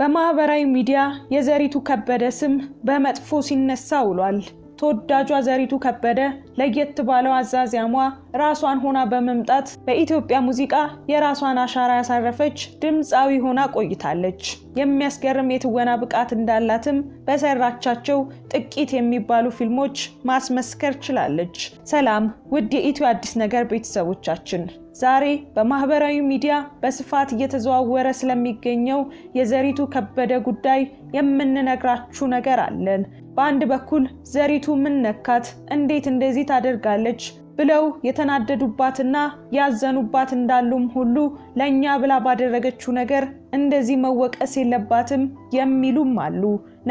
በማህበራዊ ሚዲያ የዘሪቱ ከበደ ስም በመጥፎ ሲነሳ ውሏል። ተወዳጇ ዘሪቱ ከበደ ለየት ባለው አዛዚያሟ ራሷን ሆና በመምጣት በኢትዮጵያ ሙዚቃ የራሷን አሻራ ያሳረፈች ድምፃዊ ሆና ቆይታለች። የሚያስገርም የትወና ብቃት እንዳላትም በሰራቻቸው ጥቂት የሚባሉ ፊልሞች ማስመስከር ችላለች። ሰላም ውድ የኢትዮ አዲስ ነገር ቤተሰቦቻችን ዛሬ በማህበራዊ ሚዲያ በስፋት እየተዘዋወረ ስለሚገኘው የዘሪቱ ከበደ ጉዳይ የምንነግራችሁ ነገር አለን። በአንድ በኩል ዘሪቱ ምን ነካት? እንዴት እንደዚህ ታደርጋለች? ብለው የተናደዱባትና ያዘኑባት እንዳሉም ሁሉ ለእኛ ብላ ባደረገችው ነገር እንደዚህ መወቀስ የለባትም የሚሉም አሉ።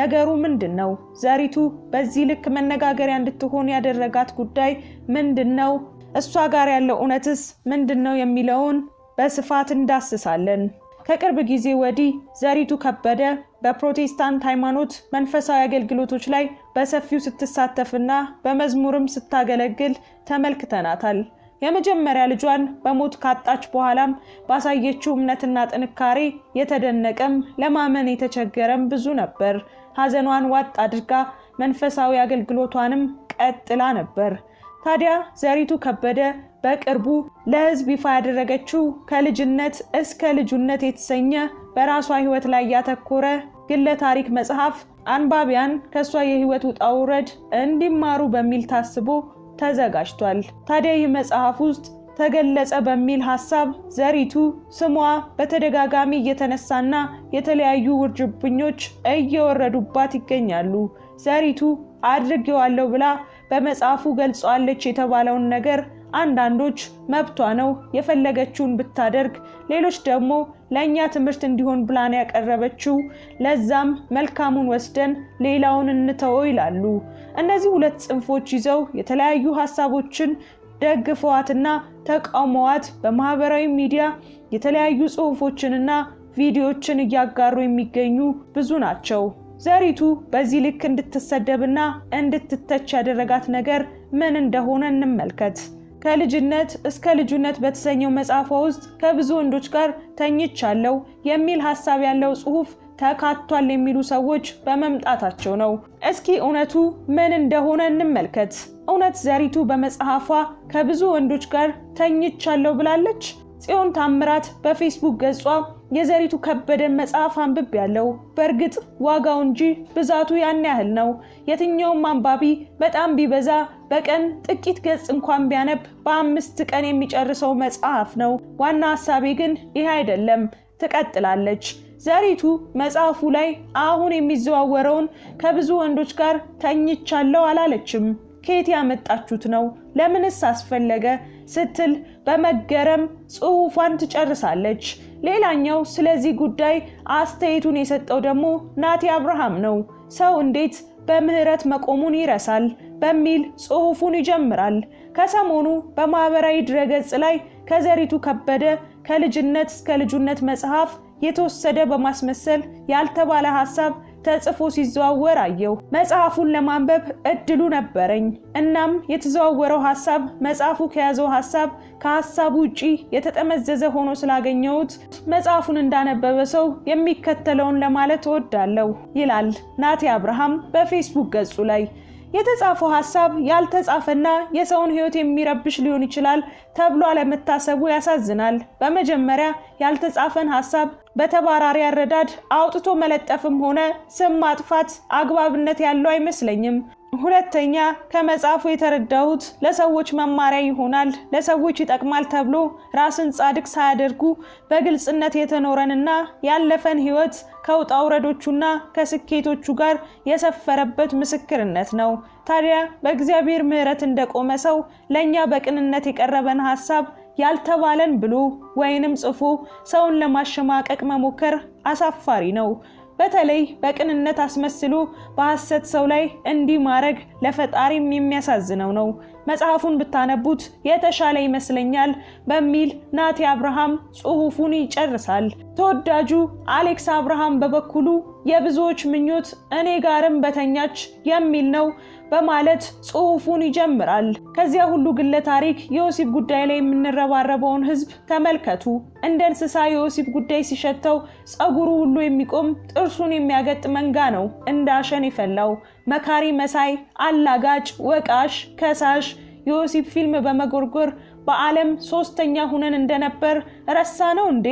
ነገሩ ምንድን ነው? ዘሪቱ በዚህ ልክ መነጋገሪያ እንድትሆን ያደረጋት ጉዳይ ምንድን ነው? እሷ ጋር ያለው እውነትስ ምንድን ነው የሚለውን በስፋት እንዳስሳለን። ከቅርብ ጊዜ ወዲህ ዘሪቱ ከበደ በፕሮቴስታንት ሃይማኖት መንፈሳዊ አገልግሎቶች ላይ በሰፊው ስትሳተፍና በመዝሙርም ስታገለግል ተመልክተናታል። የመጀመሪያ ልጇን በሞት ካጣች በኋላም ባሳየችው እምነትና ጥንካሬ የተደነቀም ለማመን የተቸገረም ብዙ ነበር። ሐዘኗን ዋጥ አድርጋ መንፈሳዊ አገልግሎቷንም ቀጥላ ነበር። ታዲያ ዘሪቱ ከበደ በቅርቡ ለህዝብ ይፋ ያደረገችው ከልጅነት እስከ ልጁነት የተሰኘ በራሷ ሕይወት ላይ ያተኮረ ግለ ታሪክ መጽሐፍ አንባቢያን ከእሷ የህይወት ውጣ ውረድ እንዲማሩ በሚል ታስቦ ተዘጋጅቷል። ታዲያ ይህ መጽሐፍ ውስጥ ተገለጸ በሚል ሀሳብ ዘሪቱ ስሟ በተደጋጋሚ እየተነሳና የተለያዩ ውርጅብኞች እየወረዱባት ይገኛሉ። ዘሪቱ አድርጌዋለሁ ብላ በመጽሐፉ ገልጿለች የተባለውን ነገር አንዳንዶች መብቷ ነው የፈለገችውን ብታደርግ፣ ሌሎች ደግሞ ለእኛ ትምህርት እንዲሆን ብላን ያቀረበችው ለዛም መልካሙን ወስደን ሌላውን እንተወው ይላሉ። እነዚህ ሁለት ጽንፎች ይዘው የተለያዩ ሀሳቦችን ደግፈዋትና ተቃውመዋት በማህበራዊ ሚዲያ የተለያዩ ጽሁፎችንና ቪዲዮዎችን እያጋሩ የሚገኙ ብዙ ናቸው። ዘሪቱ በዚህ ልክ እንድትሰደብና እንድትተች ያደረጋት ነገር ምን እንደሆነ እንመልከት። ከልጅነት እስከ ልጁነት በተሰኘው መጽሐፏ ውስጥ ከብዙ ወንዶች ጋር ተኝቻለሁ የሚል ሀሳብ ያለው ጽሑፍ ተካቷል የሚሉ ሰዎች በመምጣታቸው ነው። እስኪ እውነቱ ምን እንደሆነ እንመልከት። እውነት ዘሪቱ በመጽሐፏ ከብዙ ወንዶች ጋር ተኝቻለሁ ብላለች? ጽዮን ታምራት በፌስቡክ ገጿ የዘሪቱ ከበደን መጽሐፍ አንብብ ያለው በእርግጥ ዋጋው እንጂ ብዛቱ ያን ያህል ነው። የትኛውም አንባቢ በጣም ቢበዛ በቀን ጥቂት ገጽ እንኳን ቢያነብ በአምስት ቀን የሚጨርሰው መጽሐፍ ነው። ዋና ሀሳቤ ግን ይህ አይደለም። ትቀጥላለች። ዘሪቱ መጽሐፉ ላይ አሁን የሚዘዋወረውን ከብዙ ወንዶች ጋር ተኝቻለሁ አላለችም። ከየት ያመጣችሁት ነው? ለምንስ አስፈለገ? ስትል በመገረም ጽሑፏን ትጨርሳለች። ሌላኛው ስለዚህ ጉዳይ አስተያየቱን የሰጠው ደግሞ ናቲ አብርሃም ነው። ሰው እንዴት በምህረት መቆሙን ይረሳል በሚል ጽሑፉን ይጀምራል። ከሰሞኑ በማህበራዊ ድረገጽ ላይ ከዘሪቱ ከበደ ከልጅነት እስከ ልጁነት መጽሐፍ የተወሰደ በማስመሰል ያልተባለ ሀሳብ ተጽፎ ሲዘዋወር አየሁ። መጽሐፉን ለማንበብ እድሉ ነበረኝ። እናም የተዘዋወረው ሀሳብ መጽሐፉ ከያዘው ሀሳብ ከሀሳቡ ውጪ የተጠመዘዘ ሆኖ ስላገኘሁት መጽሐፉን እንዳነበበ ሰው የሚከተለውን ለማለት እወዳለሁ ይላል ናቴ አብርሃም በፌስቡክ ገጹ ላይ የተጻፈው ሀሳብ ያልተጻፈና የሰውን ህይወት የሚረብሽ ሊሆን ይችላል ተብሎ አለመታሰቡ ያሳዝናል። በመጀመሪያ ያልተጻፈን ሀሳብ በተባራሪ አረዳድ አውጥቶ መለጠፍም ሆነ ስም ማጥፋት አግባብነት ያለው አይመስለኝም። ሁለተኛ ከመጽሐፉ የተረዳሁት ለሰዎች መማሪያ ይሆናል፣ ለሰዎች ይጠቅማል ተብሎ ራስን ጻድቅ ሳያደርጉ በግልጽነት የተኖረንና ያለፈን ሕይወት ከውጣ ውረዶቹና ከስኬቶቹ ጋር የሰፈረበት ምስክርነት ነው። ታዲያ በእግዚአብሔር ምሕረት እንደቆመ ሰው ለእኛ በቅንነት የቀረበን ሀሳብ ያልተባለን ብሎ ወይንም ጽፎ ሰውን ለማሸማቀቅ መሞከር አሳፋሪ ነው። በተለይ በቅንነት አስመስሎ በሐሰት ሰው ላይ እንዲህ ማድረግ ለፈጣሪም የሚያሳዝነው ነው። መጽሐፉን ብታነቡት የተሻለ ይመስለኛል በሚል ናቲ አብርሃም ጽሑፉን ይጨርሳል። ተወዳጁ አሌክስ አብርሃም በበኩሉ የብዙዎች ምኞት እኔ ጋርም በተኛች የሚል ነው በማለት ጽሑፉን ይጀምራል። ከዚያ ሁሉ ግለ ታሪክ የወሲብ ጉዳይ ላይ የምንረባረበውን ህዝብ ተመልከቱ። እንደ እንስሳ የወሲብ ጉዳይ ሲሸተው ጸጉሩ ሁሉ የሚቆም ጥርሱን የሚያገጥ መንጋ ነው እንደ አሸን የፈላው። መካሪ መሳይ፣ አላጋጭ፣ ወቃሽ፣ ከሳሽ የወሲብ ፊልም በመጎርጎር በዓለም ሶስተኛ ሁነን እንደነበር ረሳ ነው እንዴ?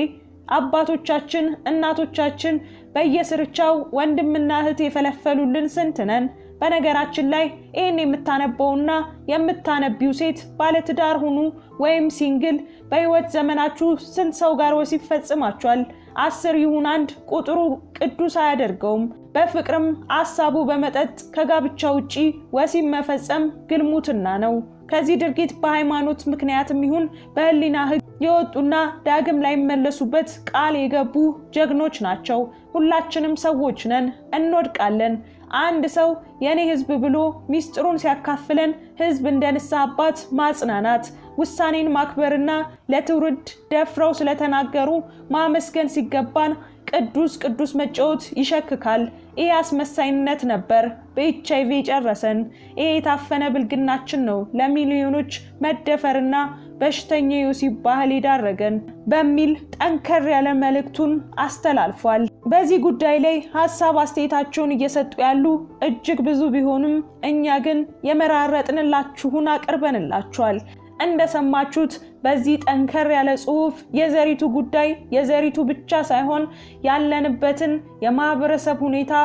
አባቶቻችን እናቶቻችን በየስርቻው ወንድምና እህት የፈለፈሉልን ስንት ነን? በነገራችን ላይ ይህን የምታነበውና የምታነቢው ሴት ባለትዳር ሁኑ ወይም ሲንግል፣ በህይወት ዘመናችሁ ስንት ሰው ጋር ወሲብ ፈጽማችኋል? አስር ይሁን አንድ ቁጥሩ ቅዱስ አያደርገውም። በፍቅርም አሳቡ በመጠጥ ከጋብቻ ውጪ ወሲብ መፈጸም ግልሙትና ነው። ከዚህ ድርጊት በሃይማኖት ምክንያትም ይሁን በህሊና ህግ የወጡና ዳግም ላይመለሱበት ቃል የገቡ ጀግኖች ናቸው። ሁላችንም ሰዎች ነን፣ እንወድቃለን። አንድ ሰው የኔ ህዝብ ብሎ ሚስጥሩን ሲያካፍለን ህዝብ እንደ ንስሐ አባት ማጽናናት፣ ውሳኔን ማክበርና ለትውልድ ደፍረው ስለተናገሩ ማመስገን ሲገባን ቅዱስ ቅዱስ መጫወት ይሸክካል። ይህ አስመሳይነት ነበር በኤች አይቪ ጨረሰን። ይሄ የታፈነ ብልግናችን ነው ለሚሊዮኖች መደፈርና በሽተኛ ሲባህል ባህል በሚል ጠንከር ያለ መልእክቱን አስተላልፏል። በዚህ ጉዳይ ላይ ሀሳብ አስተያየታቸውን እየሰጡ ያሉ እጅግ ብዙ ቢሆንም እኛ ግን የመራረጥንላችሁን አቅርበንላችኋል። እንደሰማችሁት በዚህ ጠንከር ያለ ጽሁፍ የዘሪቱ ጉዳይ የዘሪቱ ብቻ ሳይሆን ያለንበትን የማህበረሰብ ሁኔታ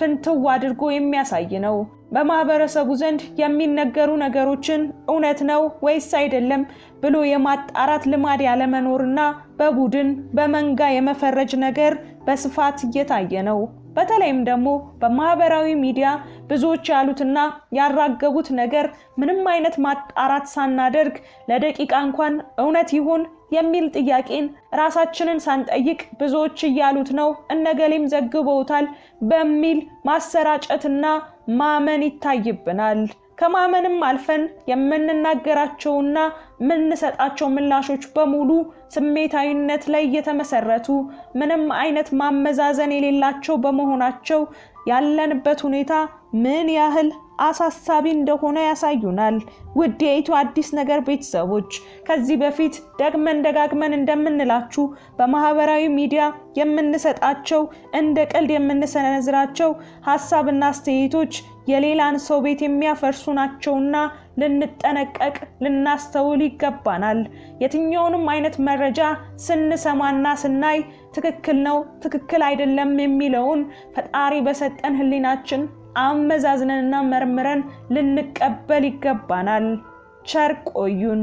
ፍንትው አድርጎ የሚያሳይ ነው። በማህበረሰቡ ዘንድ የሚነገሩ ነገሮችን እውነት ነው ወይስ አይደለም ብሎ የማጣራት ልማድ ያለመኖርና በቡድን በመንጋ የመፈረጅ ነገር በስፋት እየታየ ነው። በተለይም ደግሞ በማህበራዊ ሚዲያ ብዙዎች ያሉትና ያራገቡት ነገር ምንም አይነት ማጣራት ሳናደርግ ለደቂቃ እንኳን እውነት ይሁን የሚል ጥያቄን ራሳችንን ሳንጠይቅ ብዙዎች እያሉት ነው እነገሌም ዘግበውታል በሚል ማሰራጨትና ማመን ይታይብናል። ከማመንም አልፈን የምንናገራቸውና የምንሰጣቸው ምላሾች በሙሉ ስሜታዊነት ላይ የተመሰረቱ ምንም አይነት ማመዛዘን የሌላቸው በመሆናቸው ያለንበት ሁኔታ ምን ያህል አሳሳቢ እንደሆነ ያሳዩናል። ውድ የኢትዮ አዲስ ነገር ቤተሰቦች ከዚህ በፊት ደግመን ደጋግመን እንደምንላችሁ በማህበራዊ ሚዲያ የምንሰጣቸው እንደ ቀልድ የምንሰነዝራቸው ሀሳብና አስተያየቶች የሌላን ሰው ቤት የሚያፈርሱ ናቸውና ልንጠነቀቅ ልናስተውል ይገባናል። የትኛውንም አይነት መረጃ ስንሰማና ስናይ ትክክል ነው፣ ትክክል አይደለም የሚለውን ፈጣሪ በሰጠን ሕሊናችን አመዛዝነንና መርምረን ልንቀበል ይገባናል። ቸር ቆዩን።